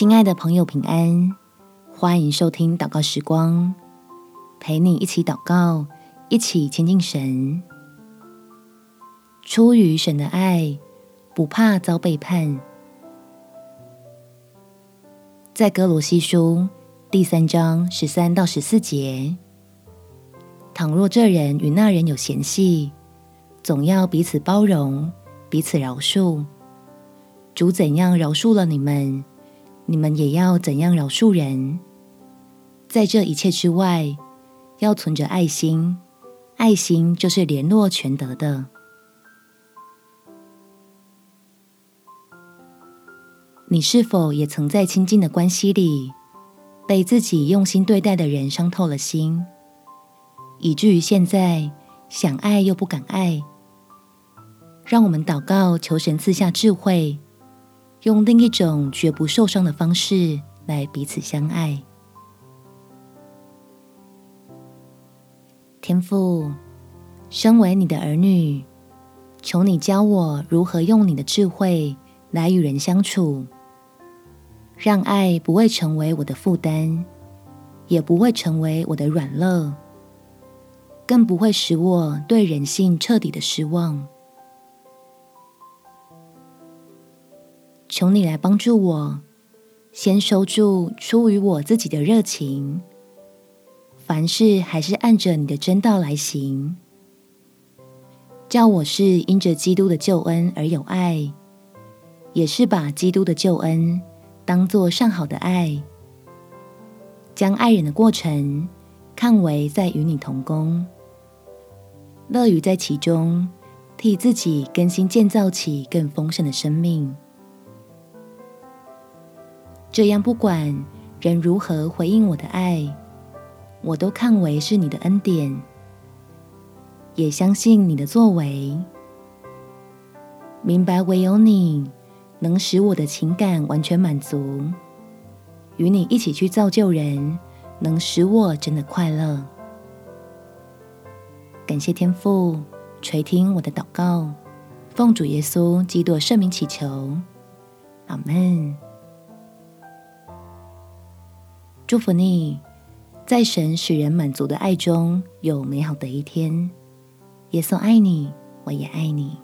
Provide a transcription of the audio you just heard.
親愛的朋友，平安，歡迎收聽禱告時光，陪你一起禱告，一起親近神。出於神的愛，不怕遭背叛。在哥羅西書第三章十三到十四節，倘若這人與那人有嫌隙，總要彼此包容，彼此饒恕。主怎樣饒恕了你們？你們也要怎樣饒恕人，在這一切之外，要存着愛心。愛心就是聯絡全德的。你是否也曾在親近的關係裡，被自己用心對待的人傷透了心，以至於現在想愛又不敢愛？讓我們禱告，求神賜下智慧。用另一種絕不受傷的方式來彼此相愛。天父，身為你的兒女，求你教我如何用你的智慧來與人相處，讓愛不會成為我的負擔，也不會成為我的軟肋，更不會使我對人性徹底的失望。求你來幫助我，先收住出於我自己的熱情，凡事還是按着你的真道來行。叫我是因着基督的救恩而有愛，也是把基督的救恩當作上好的愛，將愛人的過程看為在與你同工，樂於在其中替自己更新建造起更豐盛的生命。這樣，不管人如何回應我的愛，我都看為是你的恩典，也相信你的作為。明白唯有你能使我的情感完全滿足，與你一起去造就人，能使我真的快樂。感謝天父，垂聽我的禱告，奉主耶穌基督聖名祈求。阿門。祝福你，在神使人滿足的愛中有美好的一天。耶穌愛你，我也愛你。